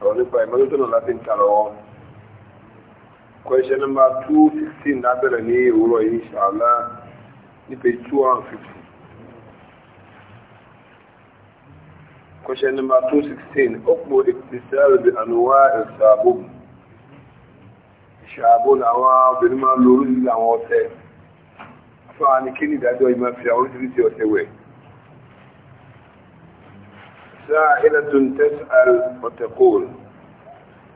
ọ̀rọ̀ nípa ìmọ́tótó náà láti ń tààrọ̀ wọn question number two sixteen lábẹ̀rẹ̀ ní òwúrọ̀ yìí ṣàlá ní two hundred and fifty question number two sixteen ọ̀pọ̀ ìpèsèrè bí ànúwà ìṣàbò ìṣàbò làwọn obìnrin máa ń lo oríṣiríṣi àwọn ọ̀tẹ̀ fún àwọn kí ni ìdájọ́ ìmọ̀ fi àwọn oríṣiríṣi ọ̀tẹ̀ wẹ̀. سائلة تسأل وتقول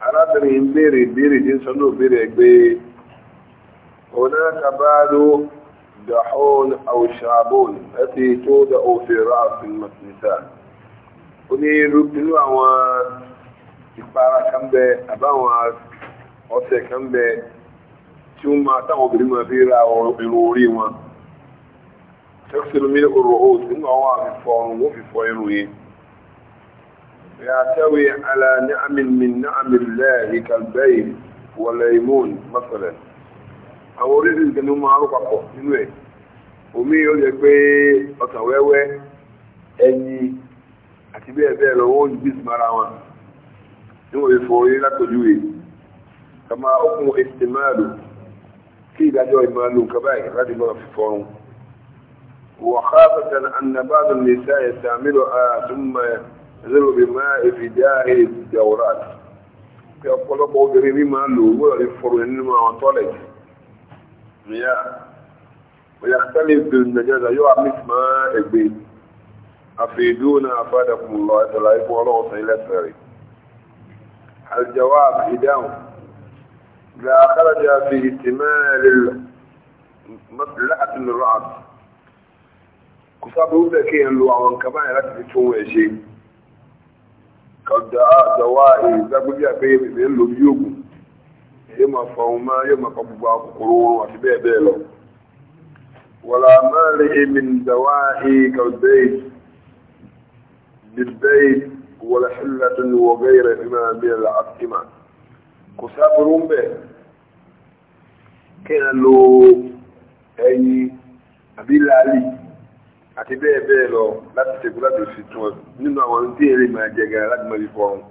أرادني بيري بيري جنسانو بيري بي هناك بال دحون أو شابون التي تودع في رأس النساء oni rukunu àwọn ìpara kan bẹ àbáwọn ọṣẹ kan bẹ tí ó máa táwọn obìnrin máa fi ra irun orí wọn ṣẹ́kṣẹ́lómi orò òsì nínú àwọn àfihàn ọrùn wọ́n fi fọ irun yìí يعتوي على نعم من نعم الله كالبين والليمون مثلا àwọn orílẹ̀-èdè ni ó máa rọ́ papọ̀ nínú ẹ̀ omi yóò jẹ́ pé ọ̀sán wẹ́wẹ́ ẹyin àti bẹ́ẹ̀ bẹ́ẹ̀ lọ wọ́n jù bísí mara wọn níwọ̀n ìfọ̀ orí látọ̀jú rẹ̀ kama okùn èsì máa lò kí ìdájọ́ ìmáàlù kaba ẹ̀ láti bọ́ fífọ́run wọ̀ká pẹ̀tẹ̀ ànàbàdàn lè sáyẹ̀ sàmìlò àtúmọ̀ ẹ̀sẹ̀rọ̀ bí máa ìfìdá ìjàwòrán pé ọ̀pọ̀lọpọ̀ obìnrin ní máa lò wọ́n lè fọ̀rọ̀ nínú àwọn tọ́lẹ̀ níyà ọ̀yà tẹ́lẹ̀ ìbìnrin nàìjíríà yóò àmì máa ẹgbẹ́ àfẹ́dúró náà fàdàkùn lọ ẹ̀sẹ̀lá ikú ọlọ́run sẹ́yìn lẹ́sẹ̀ rẹ̀ الجواب إدام لا خرج في احتمال مصلحة الرعب كفاب يقول لك أن الوعوان كمان يرتب kọ̀dà àdọ̀wà ìgbàgbọ́jà pé èmi ń lo bí ògùn yóò máa fọ ohun máa yóò máa fọ gbogbo àkókòrò oorun àti bẹ́ẹ̀ bẹ́ẹ̀ lọ. wàlá máa lè èmi ń dàwà ìkàlbẹ́ẹ̀d bilbẹ́ẹ̀d wàlá àti bẹ́ẹ̀ bẹ́ẹ̀ lọ láti ṣègùn láti fi tún ọ nínú àwọn tí èrè máa jẹ gẹ̀rẹ́ láti máa fi fọ́ ọ̀run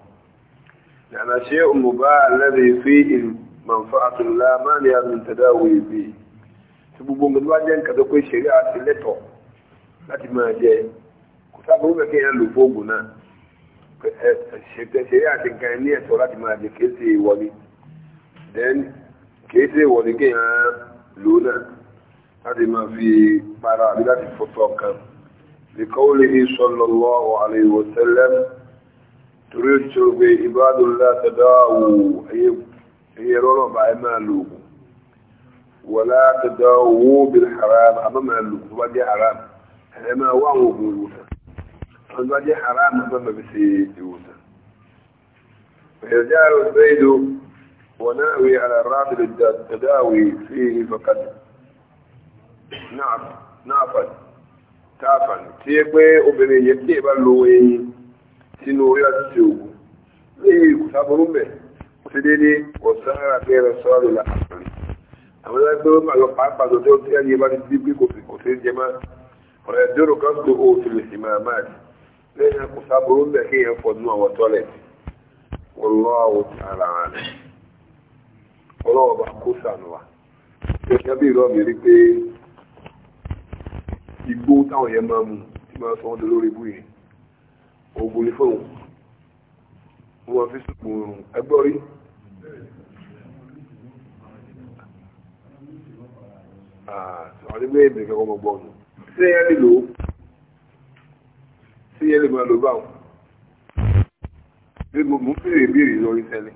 ìlànà ṣé òmùbá alẹ́rì fi ìmọ̀nfà àtúnlá máa ní àmì ìtẹ̀dáwò ìbí tí gbogbo nǹkan tó bá jẹ́ nǹkan tó pé ṣeré àti lẹ́tọ̀ láti máa jẹ kò sábà wọ́n kẹ́yìn lò fóògùn náà ṣeré àti nǹkan ní ẹ̀tọ́ láti máa jẹ kéèsè ìwọlé then kéèsè kẹ́yìn lò náà قدم في مرابلات الفتوكة لقوله صلى الله عليه وسلم تريد عباد الله تداو هي رولو بعما لوك ولا تداو بالحرام أما ما لوك تبادي حرام أما وانو بيوتا تبادي حرام أما بسي يوتا فيرجع الزيد وناوي على الراتب التداوي فيه فقد náàfàn táàfàn tí yẹ obere obìnrin yẹn tí ẹ lo eyín sínú orí àti ṣe òògùn léyìí kò sábọrú mẹ kò sí déédéé kò sára pé ẹrọ sọ́ra lọ́la àpẹẹrẹ àwọn ẹgbẹ́ pé ó máa o ti lè di lẹ́yìn kò sábọrú mẹ kí yẹn fọ̀ nú igbó táwọn yẹn máa mú tí máa sọ wọn lórí ibú yẹn oògùn ní fóun wọn máa fi sùn oòrùn ẹgbọ́ rí ah, àwọn ẹgbẹ́ ìbẹ̀rẹ̀ kankan ọmọ gbọ́ ọ̀nà sí ẹ̀yẹ́ lè lò ó sí ẹ̀yẹ́ lè máa lò báwọn bí mo ń bèrè ìbéèrè lórí tẹ́lẹ̀.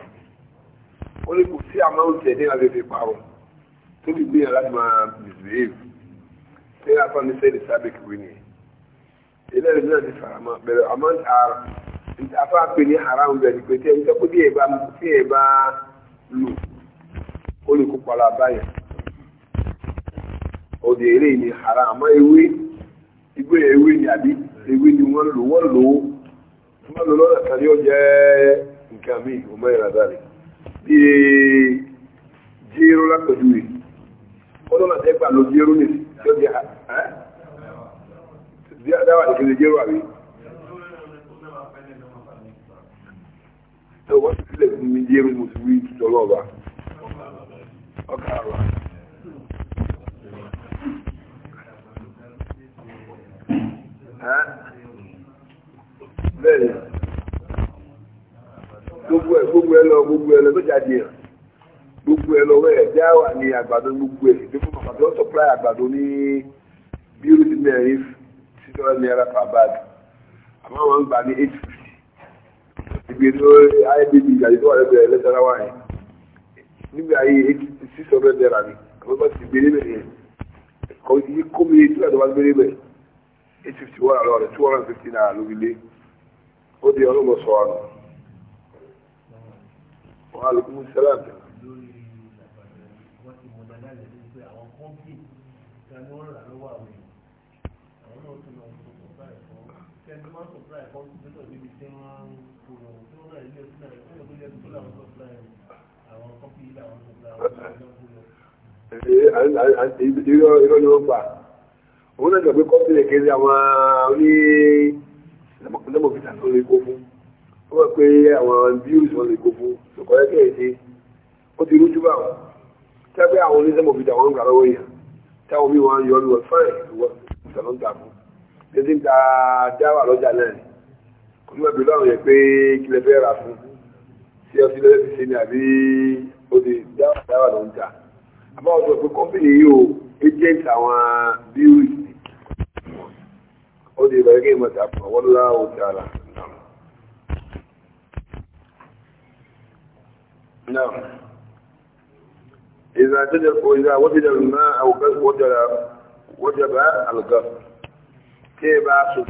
ó lè kò sí àmọ́ oúnjẹ ní alẹ́ fi parun tó lè gbìyànjú láti máa misbehave ṣé a fọ́n ní sẹ́ẹ̀dì sábẹ́ kìwé ni ilé ẹ̀rọ náà ti fara mọ́ bẹ̀rẹ̀ àmọ́ afọ́ àpè ní haram bẹ̀rẹ̀ pé tí ẹ̀ ń tẹ́kọ́ bí ẹ̀ bá tí ẹ̀ bá lù ó lè kó pala báyà ọ̀dẹ̀ eré ni haram àmọ́ ewé igbó ewé ni àbí ewé ni wọ́n lò wọ́n lò ó wọ́n lò lọ́nà kan yóò jẹ́ nǹkan míì ọmọ ìràdá rẹ̀ bí jíró lápẹ̀jú rẹ̀ ọlọ́nà tẹ́gbà ló jíró nì tí ó jẹ́ dáwà ìkẹlẹ̀ jíró àrí wọ́n jíró mo ti rí gbogbo ẹ gbogbo ẹ lọ gbogbo ẹ lọ ló jáde hàn gbogbo ẹ lọ wẹ ẹjá wà ní àgbàdo gbogbo ẹ ìdókò bàbá tó supply àgbàdo ní bírò ti mẹ́rin six hundred naira per bag àmọ́ wọn ń gbà ní eight fifty ìgbè tó ibb ìgbàdì wà lẹ́gbẹ̀ẹ́ ẹlẹ́tara wà yẹn nígbà yìí eight six hundred naira ni àwọn bá ti gbélé bẹ̀rẹ̀ yẹn kò yí kó tí wàá tó bá gbélé bẹ̀rẹ̀ eight fifty wọ́n àlọ́ rẹ̀ two hundred and fifty naira lórí ilé ó di ọlọ́mọ sọ àná. Wa alaikum salaam. Lórí wọ́n ti mọ̀ dáadáa lẹ́yìn pé àwọn kọ́ńtì ta ni wọ́n rà lọ́wọ́ àwọn èèyàn. Àwọn náà tún lọ sọ sọ̀tà ẹ̀fọ́. Kẹ́ni máa sọ̀tà ẹ̀fọ́ ti tẹ́tọ̀ níbi tí wọ́n ń kó lọ. Tí wọ́n náà ilé sílẹ̀ ẹ̀fọ́ tó yẹ kó làwọn sọ̀tà àwọn kọ́ńtì ilé àwọn sọ̀tà àwọn ìrọ̀ yóò gbà. Òun náà gbàgbé kọ́ńtì lè kéré àwọn oní lẹ́mọ̀fìtà lórí kó ó wọ́n pé àwọn views wọn lè gbogbo ṣùkọ́ ẹ̀kẹ́ èdè ó ti rújú bá wọn tẹ́gbẹ́ àwọn oníṣẹ́mọ̀ fi dàwọn gbà lọ́wọ́ yẹn táwọn bí wọn yọ lùwọ̀ fáìn lùwọ̀ ìṣẹ̀lọ́ ń ta fún létí ń ta dáwà lọ́jà náà ni kò ní wọ́n bí lọ́rùn yẹn pé kí lè fẹ́ rà fún sí ọtí lẹ́lẹ́ fi ṣe ni àbí ó ti dáwà lọ́ ń ta àbáwọ̀ sọ pé kọ́mpìnì yìí o agent àwọn views ó ti bẹ̀rẹ̀ kí n mọ̀ ta fún ọwọ́ ńlá òkè نعم إذا تدر وإذا وجد الماء أو وجد وجب الغسل كيف أصل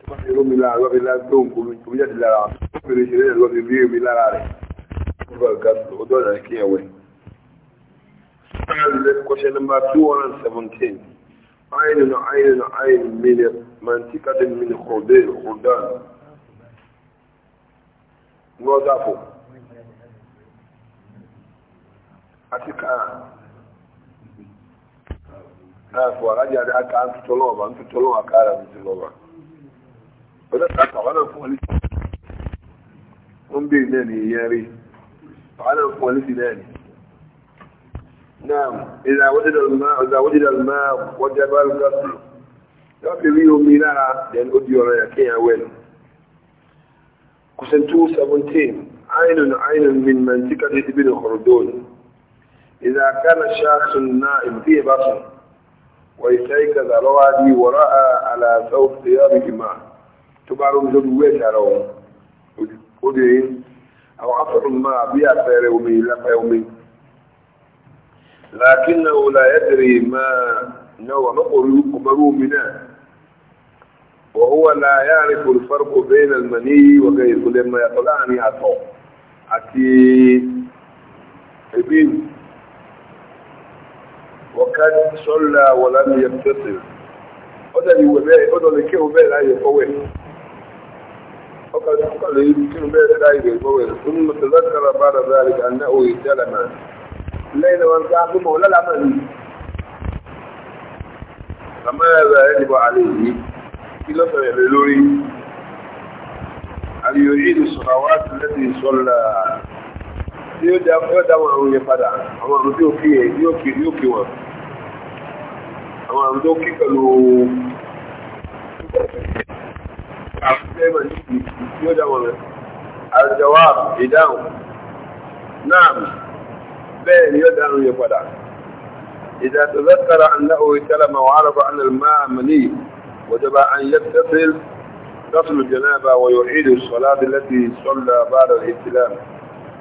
تفسر من الله وفي الله دون كل كل جد لا في رجل وفي بيه من الله عليه الغسل ودون كي أوي question number 217 عين عين عين من منطقة من خردان خردان نوضعه àti kàá káàfù àrájà rẹ̀ àkà ń tutọ́ lọ́wọ́ bá ń tutọ́ lọ́wọ́ àkà rẹ̀ ń tutọ́ lọ́wọ́ ọdọ́ kàkà wà náà fún ọlẹ́sì ó ń bèèrè náà ní ìyẹn rí wà náà fún ọlẹ́sì náà ní. náà ìlà wọ́jẹ́ dàlùmá ọ̀dà wọ́jẹ́ dàlùmá wọ́jẹ́ bá lùkà sí yóò fi rí omi lára then ó di ọ̀rọ̀ yà kéèyàn wẹ̀lú. kùsẹ̀ two seventeen àìnùn àìnùn min mẹ́ntíkà ti إذا كان الشخص النائم في بصر ويستيقظ روادي وراء على ثوب ثيابه ماء تبعر مثل ويت على أدرين أو عفر ما بيع فير يومي لقى يومي لكنه لا يدري ما نوع نوى مقبره منه وهو لا يعرف الفرق بين المني وغيره لما يطلعني عطاء أتي إبين وكان صلى ولم يتصل ọdọ ni wẹ̀bẹ́ ọdọ ni kí o bẹ́ẹ̀ láyé fọwẹ́ ọkọ̀ ọkọ̀ lè kí o bẹ́ẹ̀ láyé fọwẹ́ fún mọ̀tàlákàrà bá rà bá rà ní òye jálàmà lẹ́yìn wọn gbá gbọ́mọ̀ lálàmà ni àmọ́ ẹ̀rọ ẹ̀ dìbò àlè yìí kí ló fẹ̀rẹ̀ lé lórí àlùyò ni sọ̀rọ̀ wá sí lẹ́sìn sọ́lá tí ó dá àwọn àwọn àwọn tó kí pẹ̀lú àwọn ẹgbẹ́ ní ìlú ìdáwọn rẹ̀ àjọwà ìdáhùn náà bẹ́ẹ̀ ni ó ajowa اذا تذكر أنه وعرف أن الماء مني وجب أن يتصل غسل الجنابة ويعيد الصلاة التي صلى بعد الابتلام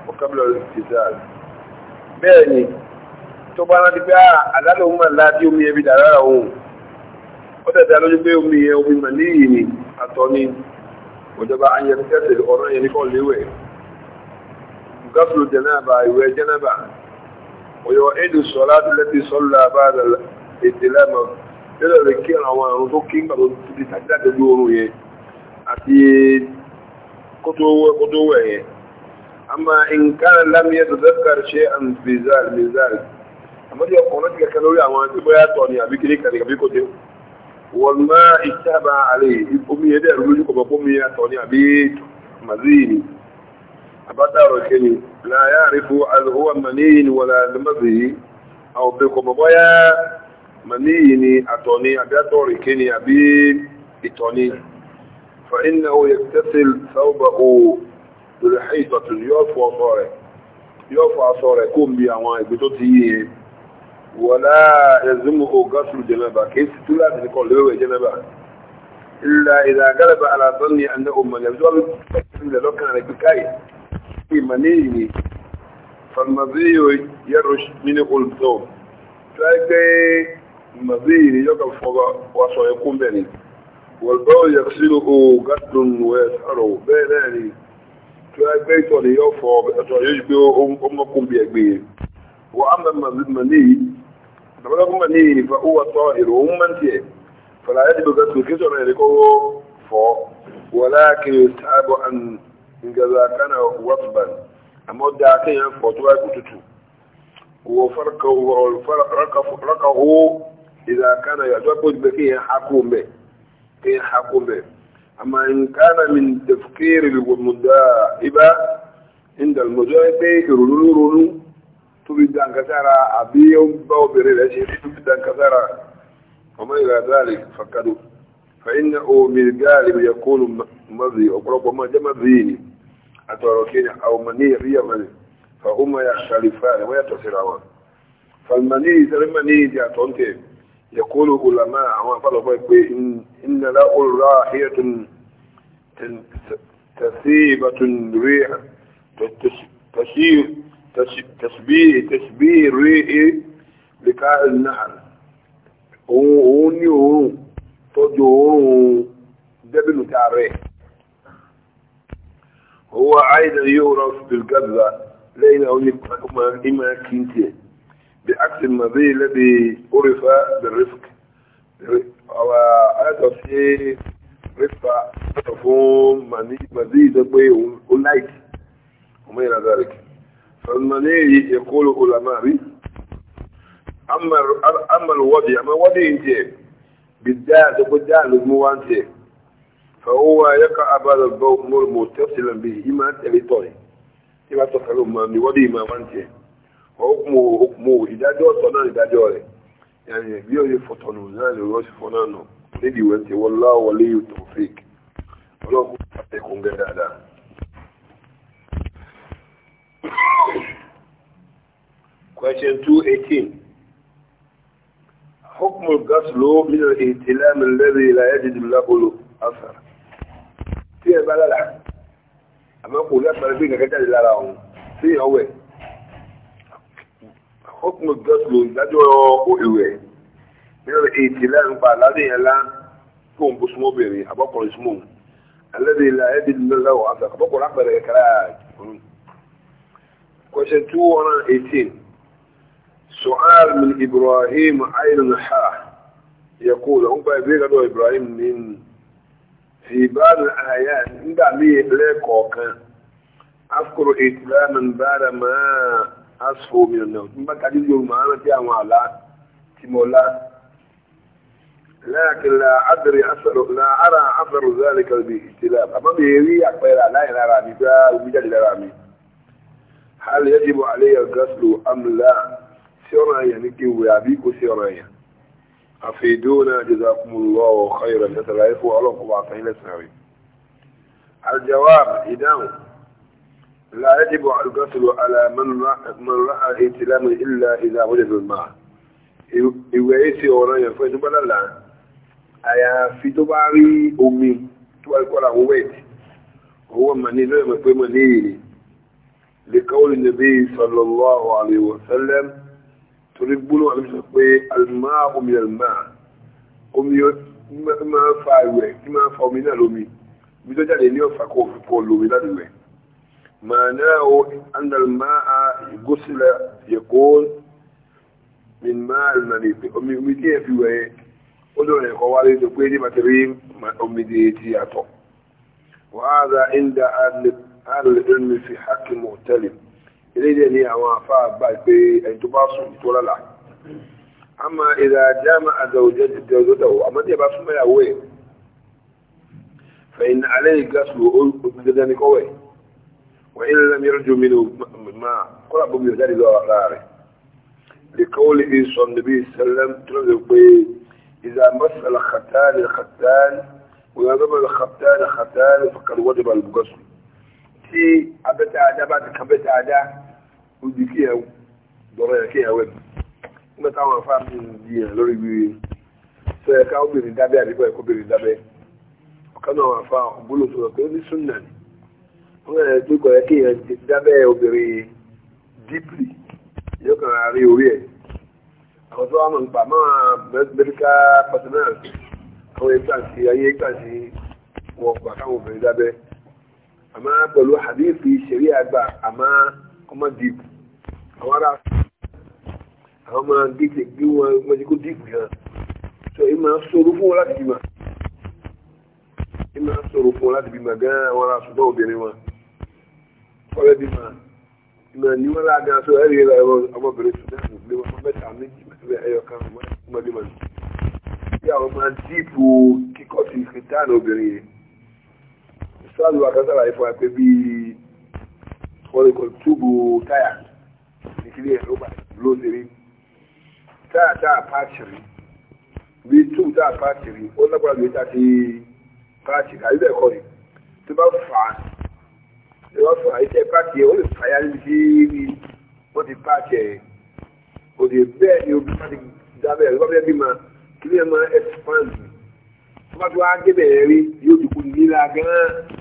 وقبل الابتزال بأني tó bá rántí pé ah, àdálò ń mà láti omi ẹbí dà lára òun ó tẹ̀tẹ̀ lójú pé omi ẹ omi mà ní ìyìn ni àtọ̀ ni òjọba ayẹni tẹ̀sẹ̀ ọ̀rọ̀ yẹn nìkan léwẹ̀ gáfúlù jẹnáàbà ìwẹ̀ jẹnáàbà òyọ ẹ̀dù sọ́lá bá ètè lẹ́mọ̀ أما إن كان لم يتذكر شيئا في ذلك àmọ́dé ọkọ̀ ọ̀nà ti kẹ̀kẹ́ lórí àwọn tí bóyá tọ̀ ni àbí kiri kàní àbí kòtò wọ́n má ìṣàbà àlè omi yẹn dẹ̀ lójú kọ̀ọ̀kan fún mi àtọ̀ ni àbí màzíì ni àbátà ọ̀rọ̀ kẹ́ni láyà àrífò àlùhùwà màníyìn wọ̀là lẹ́mọ̀sìyí àwọn òfin kọ̀ọ̀kan àtọ̀ ni àbí àtọ̀ rẹ̀ àbí ìtọ̀ ni فإنه يكتسل ثوبه بالحيطة يوفى صورة يوفى صورة كم بيعوان بتوتيه wọ̀lá ẹ̀zùmù ọgọ́sùn jẹ́nàbà kìí sì túlá àti nìkan lẹ́wẹ̀wẹ̀ jẹ́nàbà ilá ìdàgálẹ̀bà alàtọ́n ni àndà òmìnira tó wọ́n fi ilẹ̀ lọ́kàn rẹ̀ bí káyì sí ìmọ̀ ní ìní farmaziyo yẹ́rọ nínú olùtọ́ tó yẹ pé maziyo ni yọ́kà fọ́gọ́ wà sọ ẹkún bẹ́ẹ̀ ni wọ̀lbọ́ yẹ̀sìn ọgọ́sùn dama kuma ni fa uwa tɔ ero o man tiɛ fala yɛ de bɛ ka tun kisɛ mɛ de ko fɔ wala ke taabo an ngaza kana wasban amma da kan ya fɔ to ya kututu wo farka wo farka farka ho idan kana ya to ko be ke hakumbe ke hakumbe amma in kana min tafkir al mudaiba inda al mudaiba rulurunu tó fi jàǹkà sára àbí ó ń bá obìnrin rẹ̀ ṣe tó fi jàǹkà sára ọmọ ìlà dáàlì fàkàdù fàyínà omi gáàlì yẹ kóòlù mọ́zì ọ̀pọ̀lọpọ̀ máa jẹ́ mọ́zì yìí àtọ̀rọ̀ kí ni àwọn ọmọ ní ìrí àmàlẹ̀ fa ó máa yà sàlì fáàlì wọ́n yàtọ̀ síra wọn falmani sẹ́rẹ́mani ti àtọ̀ ń tẹ̀ yẹ kóòlù ulama àwọn afọlọpọ̀ pé ìnàlá olùrà àhíyàtún tẹ̀síìbàtún rí tẹ̀síìbàtún تشبيه تشبيه ريئي إيه؟ لكاء النحل هوني هون توجه هون دبل تعريه هو عايز يعرف بالقبضة لين هوني إما كنتي بعكس المضي الذي عرف بالرفق طيب، أو هذا الشيء رفع فوم مزيد بي ولايك ومين ذلك فالمنيه يقول علماء أما أما الوضع أما وضع أنت بالدال بالدال الموانت فهو يقع بعد الضوء متصلا به إما تلطوي إما تصل من وضع ما وانت وحكمه حكمه إذا جاء صنان إذا جاء يعني بيو يفطنوا نال يوسفونانو nídìí wẹ́n ti wọ́n láwọ́ wọlé yóò tó fèk ọlọ́kùnrin àti ẹkùn gẹ́ dáadáa. Question 218. حكم الغسل من الاهتلام الذي لا يجد له أثر. Tí ẹ bá lára, àmọ́ kò lẹ́pẹ̀rẹ́ bí kẹ̀kẹ́ jáde lára ọ̀hún, sí ọwẹ́. حكم الغسل ìdájọ́ ìwẹ̀ من الاهتلام pa aládé yẹn lá kó ń bó súnmọ́ bẹ̀rẹ̀ àbọ́kùnrin súnmọ́ الذي لا يجد له أثر. Àbọ́kùnrin àpẹẹrẹ kẹkẹrẹ àjùkùnrin. Question 218. سؤال من إبراهيم عين الحاء يقول هم بيبقى له إبراهيم من في بعض الآيات إن بعمي لكوك أذكر إتلاما بعد ما أصفو من النوم ثم تعجب يوم معنا في أمالا تمولا لكن لا أدري أثر لا أرى أثر ذلك بالإتلام أما بيري أكبر لا ينرى بيبقى وبيجا لرامي هل يجب علي الغسل أم لا sí ọ̀rọ̀ ẹ̀yàn ní kí wẹ̀ àbí kò sí ọ̀rọ̀ ẹ̀yàn àfẹ́dóná jazakumullahu khairan lẹ́sẹ̀lá ẹ̀fọ́ ọlọ́kùnrin àtàyìn lẹ́sẹ̀ rẹ̀ aljawab ìdáhùn لا يجب القتل على من من رأى ائتلاما إلا إذا وجد الماء ìwẹ̀ èsì ọ̀rọ̀ yẹn fún ẹnubá lálá àyàfi tó bá rí omi tó wà kọ́ra àwọn wẹ́ẹ̀tì ọwọ́ mà ní lọ́yọ̀ mọ̀ pé mà ní èrè lè kọ́wọ́ lè nàbí sallallahu alaihi wasallam torí gbólóhùn àti sọ pé àlùmá omi àlùmá omi máa ń fa ìwẹ̀ tí máa ń fa omi náà lómi ibi tó jáde ní ọ̀fà kó fi pọ̀ lómi láti wẹ̀ màánáwó andalmá a ìgúsílẹ̀ yẹ̀kọ́ min máa lùnà ní pé omi omi tí ẹ fi wẹ̀ ó lọ́rọ̀ ẹ̀kọ́ wá lé tó pé ní bàtẹ́rí omi di ti àtọ̀ wàhálà inda àlè ìrìn fi hákì mọ̀tẹ́lẹ̀ eléyìí ni àwọn afá àgbà pé ẹni tó bá sùn tó lálà àmọ́ ìlà jáàmà àdàwòjẹ ti tẹ ọjọ́ dàwọ àmọ́ tí a bá sún mẹyàwó ẹ fẹyìn alẹ́ ìgbàsù omi dandan ní kọwẹ wọn yìí lẹnu yọrọ ju mi ní ma kọlá bómi ọjà nílò ara rẹ lèkọwọ lè sọ níbi sẹlẹm tó lọ se abẹ́tẹ̀ ajá bá ti kan bẹ́tẹ̀ ajá ó di kí ẹ dọ̀rọ̀ yẹn kí ẹ wẹ̀ nígbà táwọn afá mi ń di yẹn lórí wíwí sọ yẹ ká obìnrin dábẹ́ àdìbò ẹ̀kọ́ obìnrin dábẹ́ ọ̀kan náà afá ògbóló sọ pé ó ní súnà ni wọ́n yẹ tó kọ̀ yẹ kí yẹn dábẹ́ obìnrin dípìlì yóò kàn á rí orí ẹ̀ àwọn tó wà mọ̀ nípa máa mẹ́tíkà pàtẹ́nà àwọn ìgbà sí ayé ìgbà sí wọn gbà káwọn obìnrin dábẹ́ àmọ́ pẹ̀lú àdéhùn ìṣeré àgbà àmọ́ ọmọ dìbò àwọn ará àwọn ọmọ gẹ́gẹ́ gbé wọn wọ́n ti kó dìbò yẹn sọ èyí máa ń sọ̀rọ̀ fún wọn láti bímọ èyí máa ń sọ̀rọ̀ fún wọn láti bímọ gan àwọn ará ṣùgbọ́n obìnrin wọn kọ́lẹ́ bímọ ìmọ̀ ní wọn láàgán sọ ẹ̀rí ẹ̀rọ ọmọbìnrin Sudan gbé wọn mẹ́ta méjì ẹ̀yọ kan ọmọdé mọ̀ ní. bí àwọn máa kíkọ́ sí kìtàn obìnrin yìí sáàlù àtàtàrà ìfọ̀ ẹ̀pẹ́ bí fọ́lẹ́kọ̀ túbù táyà ìkílẹ̀ ẹ̀rọ́bà lóṣèré táyà táà pàṣírí bí túbù táà pàṣírí ó lágbára lóye tá ti pàṣírí àyíbẹ̀ ẹ̀kọ́ ni tó bá fà á tó bá fà á iṣẹ́ pàṣí ẹ̀ ó lè fàyà níbi tí wọ́n ti pàṣẹ ẹ̀ òdì bẹ́ẹ̀ ni obìnrin bá ti dábẹ́ ẹ̀ ló bá fẹ́ bí ma kí ni ẹ máa expand tó bá tó wá débẹ̀ rí yóò dìkú nílá gan-an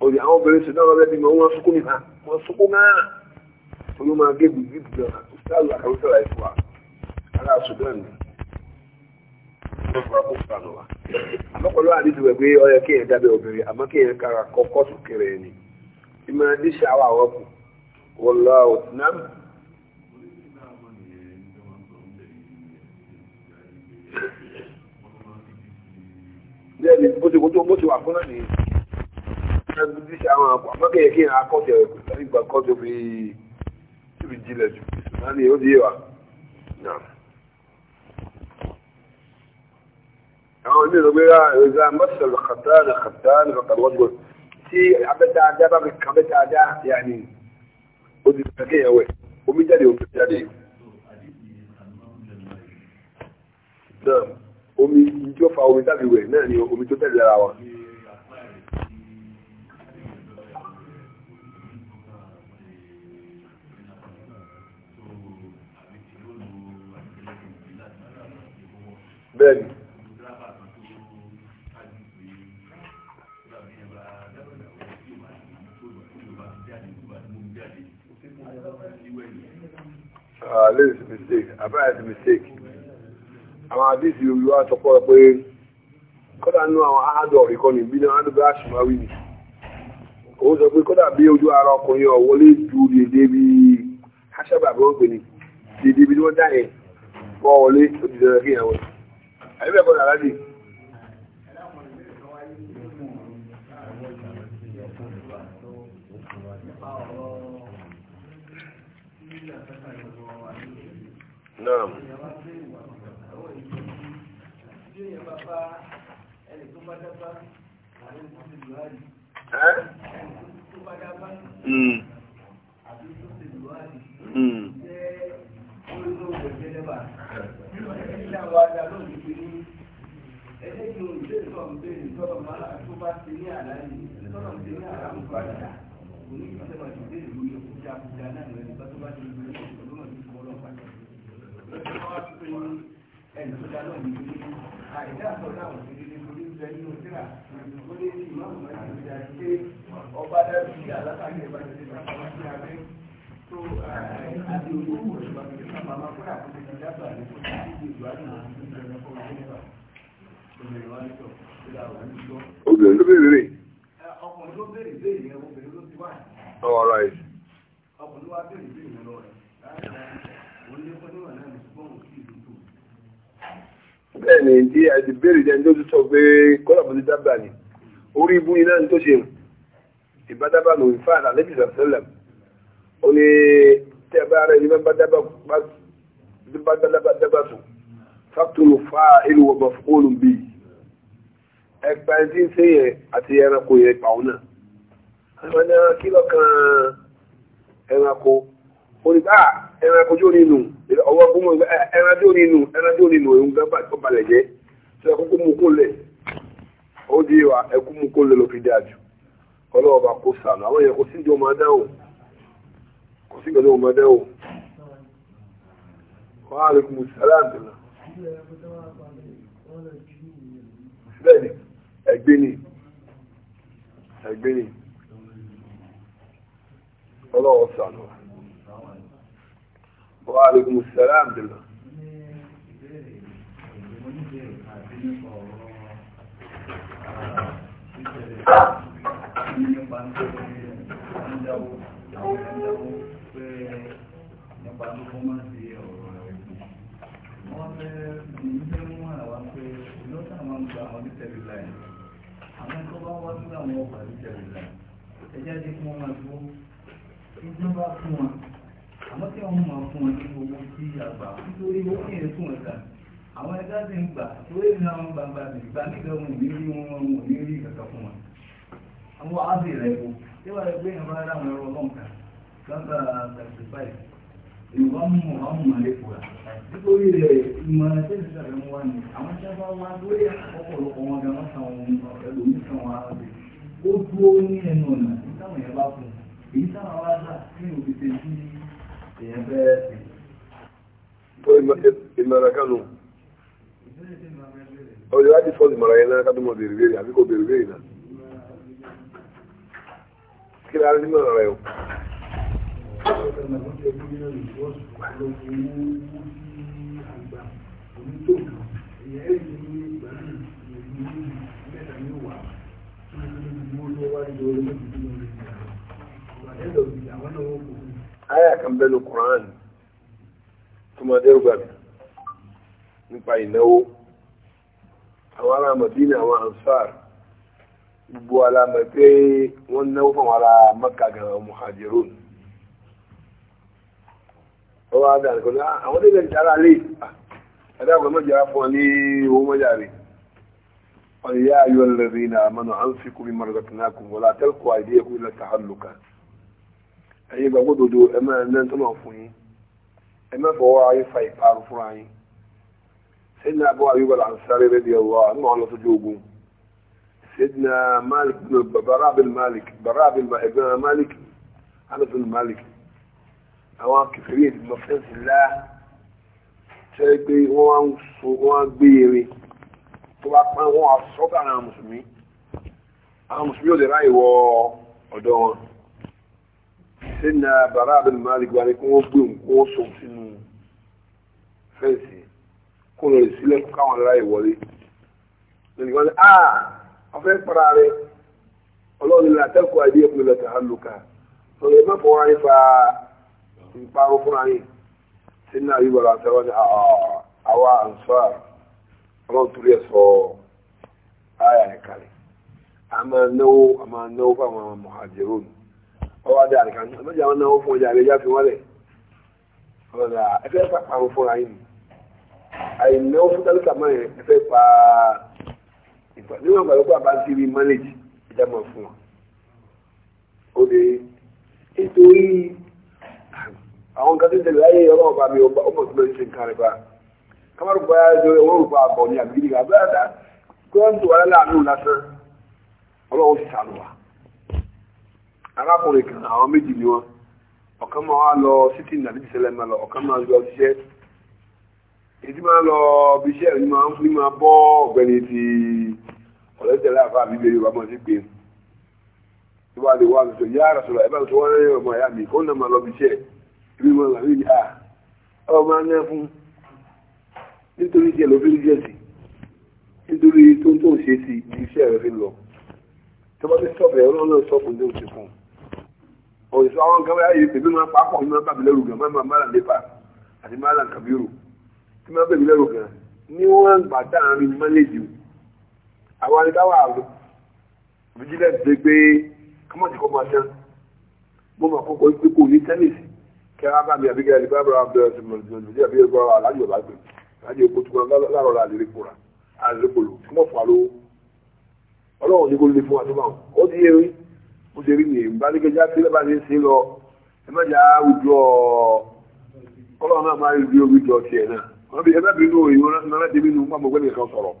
òdì àwọn obìnrin sì náà lọ́dẹ́ bímọ wọ́n sunkún nípa wọ́n sunkún náà olú máa gé gbèsè ìdìbò náà sáàlù àkàwùsọ̀rọ̀ àìfọ̀ ara Sudan ni wọ́n fura kó fura nù wa. àmọ́kọ̀lọ́ àdìsí wẹ̀ pé ọyọ kéèyàn dábẹ́ obìnrin àmọ́ kéèyàn kára kọ́kọ́ tó kéré ni ìmọ̀ àdìsí àwọn àwọn kù wọ́n lọ òtún náà lẹ́yìn bó ti wà fún náà nìyẹn ṣe ṣe àwọn àpò àmọ́kẹ́ kí n akọ́tẹ̀ ẹ̀kùn ìgbà kan tó fi tó jílẹ̀ jù láti ó di wa. àwọn ilé ìlú gbéra ah, ìrìnà mọ́sàlù kàtàn kàtàn kàtàwọ́gbọ̀ tí abẹ́dáadá bá fi kàn bẹ́dáadá yà ni ó ti kàkẹ́ yẹn wẹ̀ omi jáde omi jáde. omi ìjọ fa omi tàbí wẹ̀ náà ni omi tó tẹ̀lé ara wa. bẹ́ẹ̀ni. Uh, ah, this is a mistake. Abaya is a mistake. Àwọn àdísì olúwa sọ pọ́ pé kọ́dà nínú àwọn àádọ́ ìkọni bí náà àádọ́ bá ṣùgbọ́n wí ni. Ó sọ pé kọ́dà bí ojú ara ọkùnrin ọ̀wọ́lé ju dédé bí aṣọ́bà bí wọ́n pè ní dédé bí wọ́n dá yẹn. Wọ́n wọlé ó ti dẹ̀rẹ̀ kí ìyàwó àyẹ̀bẹ̀ kọ́ dàrá dé. Naam. Mm. Mm ẹgbẹ́ kí o ìgbé ìtọ́ ń bèrè tọ́lọ̀ máa tó bá ti ní àlàyé tọ́lọ̀ ti ní àràmù padà kò ní ìgbésẹ̀ máa ti bèrè lórí òkúta àkúta náà lọ ẹni tó bá ti ní ìgbésẹ̀ tó lọ́nà ti kọ́ lọ́ padà. lọ́sẹ̀ máa wá pé ẹni tó dá lọ́nà ìgbé àìdá àtọ̀ náà ti di nítorí ìgbẹ́ nínú síra ó lé ní ìmọ̀ àwọn ẹni tó dá sí ọba dábí alákàgbé bá ti dé tó àti òkú òṣùwà tó ti sábà máa kó obìnrin ló béèrè rè. ọkùnrin ló béèrè béèrè yẹn obìnrin ló ti wá. ọ̀rọ̀ oh, ẹ̀. ọkùnrin ló wá béèrè béèrè yẹn lọ rẹ̀ bẹ́ẹ̀ni tí a ti béèrè jẹ́ tó sọ pé kọ́lọ̀pù ti dábà ní orí ibú iná tó ṣe ìbádábà lòun fáàdà lẹ́bí sàtẹ́lẹ̀ ó ní tẹ́ bá rẹ̀ ní bá dábà sùn tọ́tùlù fa'il wa maf'ulun bi ẹgbẹ́ tí ń ṣe yẹ àti ẹranko yẹ pàwọn náà àwọn ẹran kí lọ́kàn ẹranko onígbà ah, ẹranko jó nínú ọwọ́ gbọ́mọ eh, ẹran jó nínú ẹran jó nínú òun gbẹ́ balẹ̀ jẹ́ tí ẹkú kó mú kó lẹ̀ ó di wa ẹkú mú kó lẹ̀ ló fi dáa jù ọlọ́ọ̀bà kó sànù àwọn yẹ kó síjọ́ máa dáhùn kó síjọ́ máa dáhùn. Wa alaikum salam bẹ́ẹ̀ni ẹgbẹ́ ni ẹgbẹ́ ni ọlọ́wọ́ sànù wa alaikum salaam dìlọ. Nípa ló fún máa ń ṣe ọ̀rọ̀. fẹ́ fẹ́ mú àwa pé lọ́sà máa ń gba àwọn onítẹ̀lẹ̀ láì àwọn tó bá wá sí àwọn ọkọ̀ onítẹ̀lẹ̀ láì jẹ́ kí wọ́n máa dúró ìjọba fún wọn àmọ́ tí wọ́n máa fún wọn ní owó a nítorí ó kí fún wọn ta àwọn ẹgbẹ́ ti ń gbà àwọn nǹkan mú wọn mú wọn nítorí rẹ̀ ìmọ̀ràn tí ìṣẹ̀lẹ̀ rẹ̀ ń wá ní àwọn tí wọ́n bá wá lórí ọ̀pọ̀lọpọ̀ wọn gan lọ́sàn wọn ẹlòmí kan wọn á rẹ̀ ó dúró ní ẹnu ọ̀nà tí táwọn yẹn bá fún èyí táwọn wá dà sí òbí ṣe bí èèyàn fẹ́ ṣe. ìmọ̀ràn kánú ọ̀rẹ́ láti fọ́ọ̀sì mọ̀ràn yẹn náà kátó mọ̀ bèrè bèrè àbí bèrè bèrè náà kí Aya kan bẹ́ẹ̀ ló Kùránì tó máa dẹ́rù gbàgbé nípa ìnáwó. Àwọn ará Màdínà àwọn Ansar gbogbo alamọ̀ pé wọ́n náwó fún àwọn ará Mẹ́kà gan-an Muhajirun ọwọ́ adé àlùkò náà àwọn ilé ìjára lè adágún mọ́jà fún ọ ní owó mọ́jà rẹ̀ wọ́n yá ayọ́ lẹ́rìí náà mọ́nà à ń fi kú mi mọ́ra lọ́tún náà kù wọ́n látẹ́ kọ́ àìdí ẹ̀kú ilẹ̀ tàà lùkà ẹ̀yin ìgbàgbọ́ dodo ẹ máa ná tó fún yín ẹ má fọwọ́ ayé fa ìparun fúnra yín sẹ́yìn abọ́ àyùbá là ń sáré rẹ̀ di ọwọ́ àwọn ọmọ ọlọ́tọ́jú ogun سيدنا مالك بن مالك براء مالك انس بن àwọn kẹfẹ́rí èdè lọ fẹ́ǹsì ńlá tẹ́ gbé wọ́n wá ń so wọ́n á gbé eré tó bá pẹ́ wọ́n á sọ́gbà àwọn mùsùlùmí àwọn mùsùlùmí ò lè ráyè wọ ọ̀dọ̀ wọn sẹ́nà bàrá àbẹ̀ malik wà ní kí wọ́n gbé nǹkan wọ́n so sínú fẹ́ǹsì kó lè sílẹ̀ kó káwọn ráyè wọlé lónìí wọn ni a ọ̀fẹ́ para rẹ ọlọ́run ní atẹ́kọ̀ọ́ àdéhùn lọ́tà ìparun fúnra yìí sínú àyùbọ̀ láti ọwọ́ ní àwa ansar ọlọ́run torí ẹ̀ sọ ayà ẹ̀ kalẹ̀ a máa náwó a máa náwó fún àwọn muhajirun ọwọ́ adé àríkà ní ọmọdé àwọn náwó fún ọjà àríyá fi wọ́lẹ̀ ọ̀rọ̀ ẹ fẹ́ pàparun fúnra yìí àìnáwó pa manage ìdámọ̀ fún wọn. ó lè àwọn kan tó ń tẹ̀lé ayé ọlọ́wọ́ bá mi ọmọ tó lóyún ṣe ń kárí bá kámárù bá yájọ owó rúbọ àbọ̀ ní àbí nígbà bá dá kó ń tó wáyé láàánú lásán ọlọ́wọ́ ti sànù wá. arákùnrin kan àwọn méjì ni wọn ọ̀kan máa lọ sítì nàbí ìṣẹ̀lẹ̀ máa lọ ọ̀kan máa lọ ṣiṣẹ́ èdè máa lọ bí iṣẹ́ ìlú máa ń fún máa bọ́ ọ̀gbẹ́ni ti ọ̀lẹ́tẹ̀lẹ́ àfa mi bèrè ìbí mọ́ bàbá yìí ah ọmọ aná fún nítorí jẹ́ lọ́fẹ́ jẹ́ sí nítorí tó ń tó ń ṣe sí iṣẹ́ rẹ̀ fi lọ tó bá ti sọ̀bẹ̀ ọlọ́run náà sọ̀bù ní òṣè fún ọ̀ṣọ́ àwọn kan báyìí bèbí máa pápọ̀ ní máa bàbí lẹ́rù gan máa máa lépa àti máa là kàbírù tí máa bèbí lẹ́rù gan ní wọ́n gbà dáhàrin mọ́lẹ́jì àwọn adidáwà àlọ́ vigilante pé kọ́mọ̀tì kọ́ máa tán mo máa kọ́kọ́ pé kò ní tẹ́lẹ̀sì kẹ́wàá bá mi àbí kẹ́wàá nípa bá mi bẹ̀rẹ̀ sí mi lòdì àbí ẹgbẹ́ wa alájọ bá gbé alájọ epo tó kọ́ lárọ̀ la lérè kóra alẹ́ polo kí wọ́n fà lówó ọlọ́run ní kó lè fún wa tó bá wọn ó ti yé rí ó ti rí nìyí bá nígbà já sílẹ̀ bá ti ń sí lọ ẹ má jà àwùjọ ọlọ́run náà máa rí bí orí jọ tiẹ̀ náà wọ́n bí ẹ má bínú òyìnbó náà débi nù mọ́ àmọ́gbẹ́ nìkan sọ̀rọ̀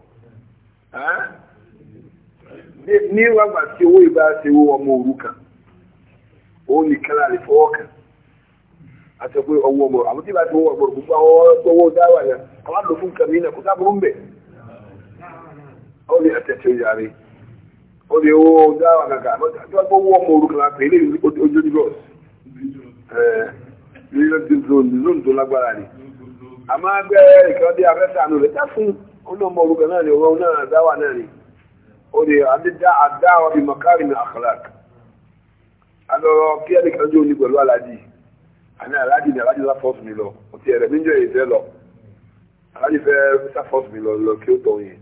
àti pé ọwọ́ ọmọ àwọn tí bá ti wọ́n ọgbọ̀rọ̀ gbogbo àwọn ọwọ́ dáwà yẹn àwọn àlò fún kàmí náà kó sábúrú ń bẹ̀. ó lè àtẹ̀tẹ̀ ìyá rẹ̀ ó lè owó dáwà kankan àmọ́ tí wọ́n wọ́ ọmọ orúkọ la pè é lè ojú ní bọ́ọ̀sì. ní zone tó lágbára ni. àmọ́ ẹgbẹ́ ìkan bí afẹ́fẹ́ àánú rẹ̀ dá fún ọlọ́mọ orúkọ náà ni ọwọ́ náà dáwà náà ni. ó lè àdáwà bí makari ní àkàlà. alọ́ kí ẹnìkan jó ní pẹ̀lú aláàjì àní aláàjì ni aláàjì láfọ́ọ̀sì mi lọ mo ti ẹ̀rẹ̀ mi ń jọ èyí fẹ́ lọ aláàjì fẹ́ sáfọ́ọ̀sì mi lọ lọ kí ó tọ̀ yẹn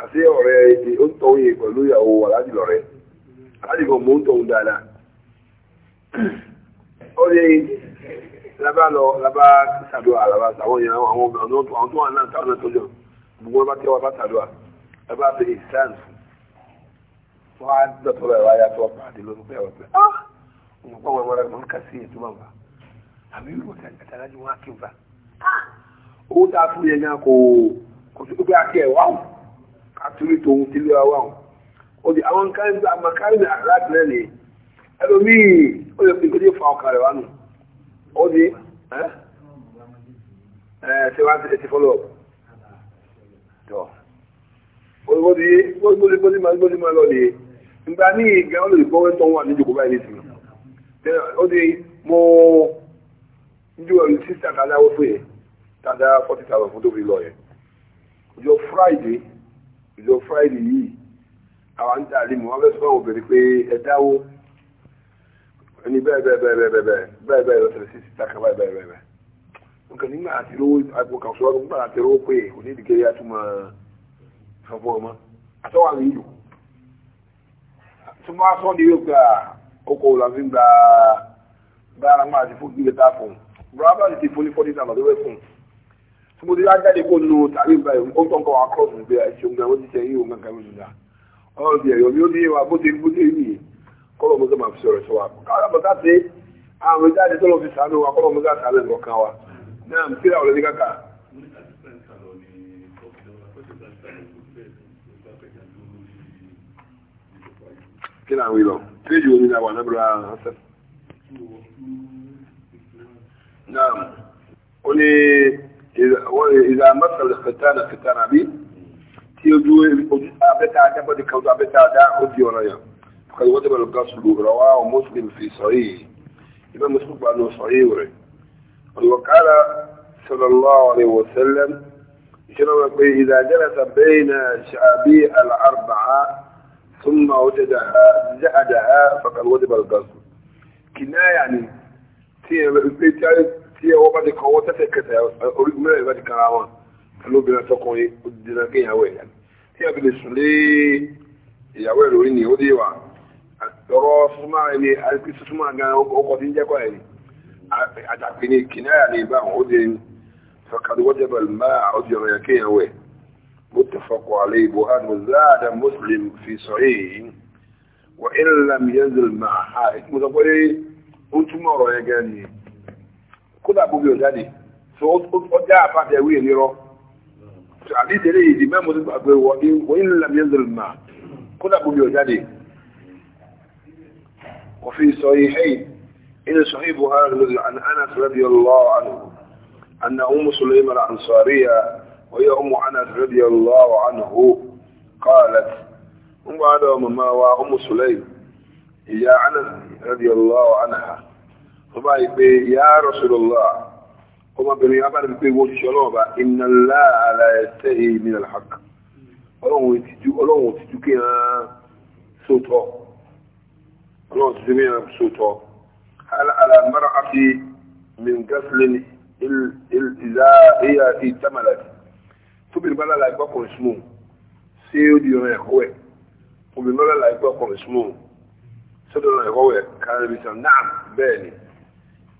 àti ọ̀rẹ́ ó ń tọ̀ yẹn pẹ̀lú ìyàwó aláàjì lọ̀rẹ́ aláàjì kan mò ń tọ̀ ń dáadáa ó lè lábá lọ lábá sàdúrà lábá sàwọn yẹn àwọn àwọn tó wà náà táwọn tó jọ gbogbo wọn bá tẹ́wọ́ bá sàdúrà lábá fi ìsàn fún wọn á dọ̀tọ̀ lọ́wọ́ ayá tó wà pàdé lọ́dún pẹ́ wọ́n pẹ́ ah òun kọ́ wọn mọ́ra mọ́ kà sí ìtumọ̀ bá àmì ìlú àtàlà ni wọ́n á kí n fa owó tá a fún yẹn náà kò kò tó gbé akẹ́ ẹ̀ wá wọn àtúrí tòun ti lé wa wá wọn ó di àwọn nǹkan àmàkárí ní àláàtì náà nìyẹn ẹlòmíì ó lè fi gbé fa ọkà rẹ̀ wá nù ó di ẹ ẹ ṣe wá ti ẹ fọlọ olùkọ́ni gbọ́dọ̀ máa gbọ́dọ̀ máa lọ nìyẹn nígbà míì gẹ́gẹ́ olùkọ́ wẹ́tọ̀ wà ní báyìí nìyẹn ó di mo ndí wọ́n sísá kadáwó fún yẹn tàdá forty thousand fún tóbi lọ yẹn ìjọ friday ìjọ friday yìí àwọn ń dàlí mu wọ́n fẹ́ sọ obìnrin pé ẹ dáwó ẹni bẹ́ẹ̀ bẹ́ẹ̀ bẹ́ẹ̀ bẹ́ẹ̀ bẹ́ẹ̀ bẹ́ẹ̀ bẹ́ẹ̀ lọ́sẹ̀ sí sísá kan báyìí bẹ́ẹ̀ bẹ́ẹ̀ nǹkan nígbà àti rówó àgbo kan sọ nígbà àti rówó pé kò ní ìdíkẹ́ yá tó máa sọ fún ọmọ àtọ́wà mi yìí tó máa sọ ní yóò gba okòwò làwọn fi ń gba báyà máa ti fún gbígbé tá a fún un. Brava, ti fún ní fọ́dí náà lọ́wọ́ fún un tí mo ti rá jáde kó nu tàbí ìgbà ìwé ó tọ́kọ̀ wá kọ́ ọ̀sùn pé ẹ̀ṣẹ̀ òun àwọn oníṣẹ́ yìí òun kankan mìíràn dá ọ̀rọ̀ ti ẹ̀yọ́ mi ó ní wa bó ti bó ti rí kọ́lọ̀ mọ́tò máa fi sọ̀rọ̀ sọ wa káwọn mọ́tà ti àwọn jáde tó lọ fi sàánú wa kọ́lọ̀ mọ́tà sàánú ẹ̀ kọ̀ọ̀kan wa náà tí ra ọ̀rẹ́ ní kàkà. kí ni àwọn ìlọ tí èjì omi náà wà àwọn ọ̀sẹ̀. نعم ولي إذا مثل الختان الختان عبيد تيجوا أبتع دبا كوز أبتع دا أدي ورايا فقد وجب القصد رواه مسلم في صحيح إذا مسلم بأنه صحيح وري وقال صلى الله عليه وسلم إذا جلس بين شعبي الأربعة ثم وجدها زعدها فقد وجب القصد كنا يعني تيجوا tí ẹwọ́ bá ti kọwọ́ tẹ́tẹ̀ kẹtẹ̀ orígun mẹ́rin bá ti kara wọn lóbìnrin tọkùnrin dìnnà kéyàwó ẹ̀ tí ẹbí lè sùn lé ìyàwó ẹ̀ lórí ni ó dé wà lọ́rọ́ súnmọ́ ẹni àti súnmọ́ gan ọkọ̀ tí ń jẹ́kọ̀ ẹ̀ àjàpé ni kìnìyà ní ìbá wọn ó dé fọkàdúwọ́jẹ́ bẹ̀rù mbá àwọn ti ọ̀rọ̀ yẹn kéyàwó ẹ̀ متفق عليه بوهان وزاد مسلم في صحيح وإن لم ينزل مع حائط متقولي أنتم رأيقاني kódà gbogbo ọ̀jáde tó ọjà àpàtẹ ìwé ìlérọ àbí ìtẹ̀lẹ̀ ìdí mẹ́mọ́ tó gbàgbé wọ́n ìlú làmì ẹ̀zẹ̀rẹ̀ mà kódà gbogbo ọ̀jáde وفي صحيحين إن صحيح بخاري عن أنس رضي الله عنه أن أم سليمة الأنصارية وهي أم أنس رضي الله عنه قالت أم هذا ومما وأم سليم هي أنس رضي الله عنها ọba ìpè ya Rasulullah ọmọbìnrin yà bá dẹ̀ pé wọ́n ṣiṣẹ́ ọlọ́wọ́ bá inna Allaha la yastahi min al-haqq ọlọ́run ìtìjú ọlọ́run ìtìjú kí hàn sóòtọ́ ọlọ́run ìtìjú kí hàn sóòtọ́ alamara afi min gaslin ìlà ìyà ìtàmàlàdì tóbìnrin bá lálàá ìgbà kan ìsúnmù sí ó di ọ̀rọ̀ ẹ̀kọ́ ẹ̀ obìnrin bá lálàá ìgbà kan ìsúnmù sọ́dọ̀ ọ̀rọ̀ ẹ̀kọ́ ẹ̀ kárẹ́bìtàn náà bẹ́ẹ̀ ni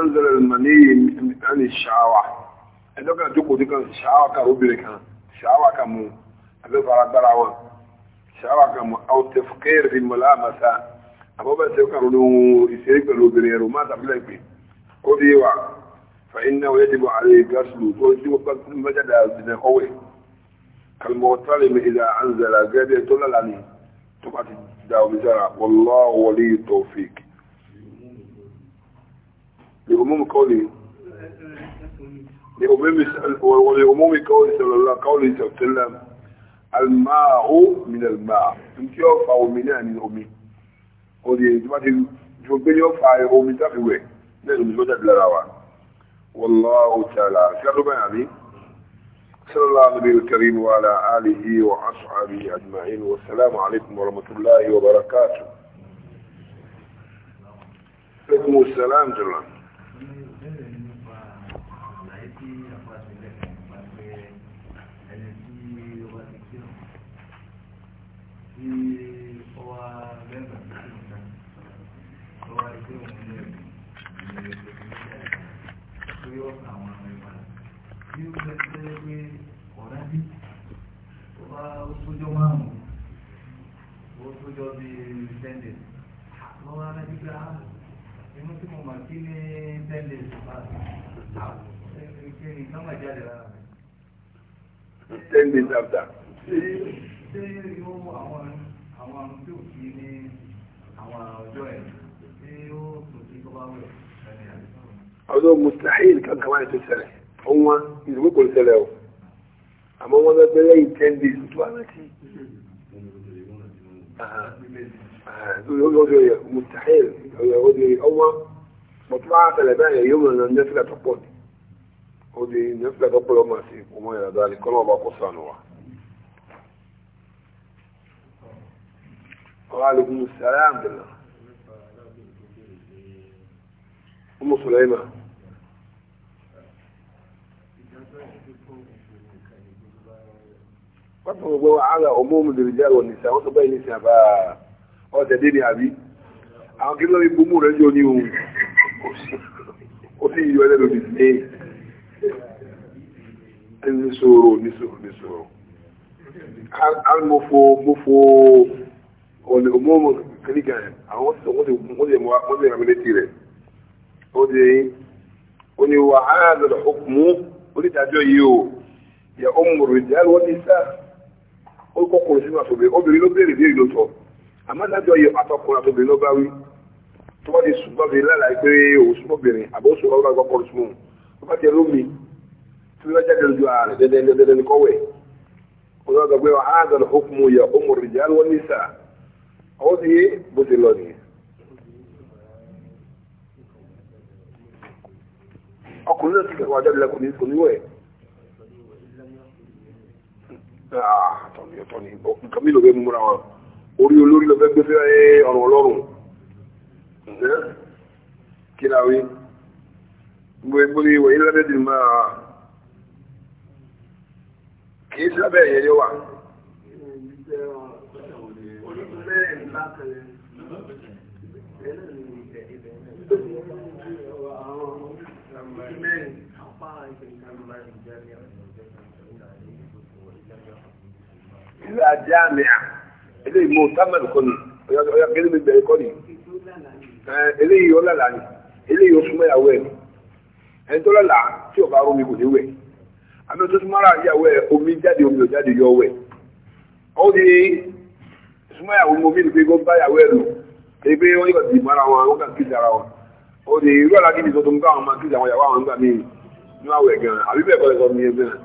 anzala al-mani an ash-sha'wa ẹjọ́ kan jókòó tí kan ṣàwà kan obìnrin kan ṣàwà kan mu abẹ́ fara gbára wọn ṣàwà kan mu aw tafkir fi mulamasa àbọ̀bẹ̀ ṣe kan ronú ìṣeré pẹ̀lú obìnrin ẹ̀rọ má tàbílẹ̀ pé ó di wa fa inna yajibu alayhi gaslu tó ń jíwọ́ bá tún mẹ́jọ da ìdílé kọ́wé mi ìlà anzala gẹ́gẹ́ tó lálàní tó bá ti da omi sára wallahu waliyu tawfiq لعموم قوله لعموم ولعموم قوله صلى الله عليه وسلم الماء من الماء انت يوفى ومنان نعم، من أمي قولي جمعتي جمعتي يوفى أمي تقوي لازم يوجد لراوان والله تعالى شكرا يعني صلى الله على النبي الكريم وعلى آله وأصحابه أجمعين والسلام عليكم ورحمة الله وبركاته عليكم السلام جلال tí ó wá lẹ́gbẹ̀ẹ́ هذا مستحيل كان كمان يتسلح هو يزوي كل سلاو أما هو ذا بلا يتندي مستحيل هو مطبعة لبانيا يوم أن نفلة تقوتي odi nefila dɔpɔ yɔ ma se kuma yɛrɛ da ali kɔnɔ ba ko sanu wa. waaleykum salaam dila. umu sulayma. wọ́n tún gbọ́ ala ọmọ mi lè jẹ́ àwọn nìsa wọ́n tún bá yìí nìsa bá ọ̀sẹ̀ dé ní àbí àwọn kí ló ń gbómù rẹ̀ ń jọ ní o ó sì yọ ẹlẹ́nu nìyẹn níṣòro níṣòro níṣòro alimofo mofo ọ̀nà òmòmò kìlíkà yẹn àwọn wọ́n ti wọ́n ti wọ́n ti ràmìlẹ̀ ti rẹ̀ ó ti ó ní wà á lọ́dọ̀ ọkùnmú onídàájọ́ yìí o yẹ ó mú rìndí àlọ́ ní sáà ó kọ́kùnrin sínú àtòbìnrin obìnrin ló béèrè béèrè ló sọ àmọ́ dájọ́ yẹ àtọkùnrin àtòbìnrin ló bá wí tó bá ti sùn bá fi lálàá pé òun sùn bọ́bìnrin àbó sùn bá wọ́n bá kọ́kọ́rọ́ sùn mọ́ bá ti ẹ lómi tí wọ́n jáde lójú ààrẹ dandan dandan ní kọ́wé wọ́n lọ́ọ́ gbé wọn áàdà ló hukumu yẹ ọmọ rẹ̀ jáde wọ́n ní sà àwọn ti yé bó ti lọ nìyẹn. ọkùnrin náà ti kẹ́kọ̀ọ́ àjọ ìlẹ̀kùn ní kò níwẹ̀. tọ́ni tọ́ni nǹkan mi ló fẹ́ múra wọn orí olórí kìí sábẹ́ yẹn yóò wà. ilé ajé àmì à ilé ìmọ̀ sámẹ́lì kọ́ni ọ̀yà gẹ́gẹ́ bí bẹ̀rẹ̀ kọ́ni ilé ìyọ́ lálàá ni ilé ìyọ́ fún mẹ́yàwó ẹ̀ ẹni tó lálàá tí ọba arúmi kò ní wẹ̀ àmì tó súnmọ́ra ìyàwó ẹ̀ omi jáde omi ò jáde yọ ọwẹ́ ó di súnmọ́ ìyàwó omi ní pé kó bá ìyàwó ẹ̀ lò èyí pé wọ́n yóò di mọ́ra wọn àwọn kan kíjà ara wọn ó di irú àlágídí tó tó máa kíjà àwọn ìyàwó àwọn nígbà míì ní àwẹ̀ gan àbí bẹ́ẹ̀ kọ́ lẹ́sọ̀ mi ẹgbẹ́ náà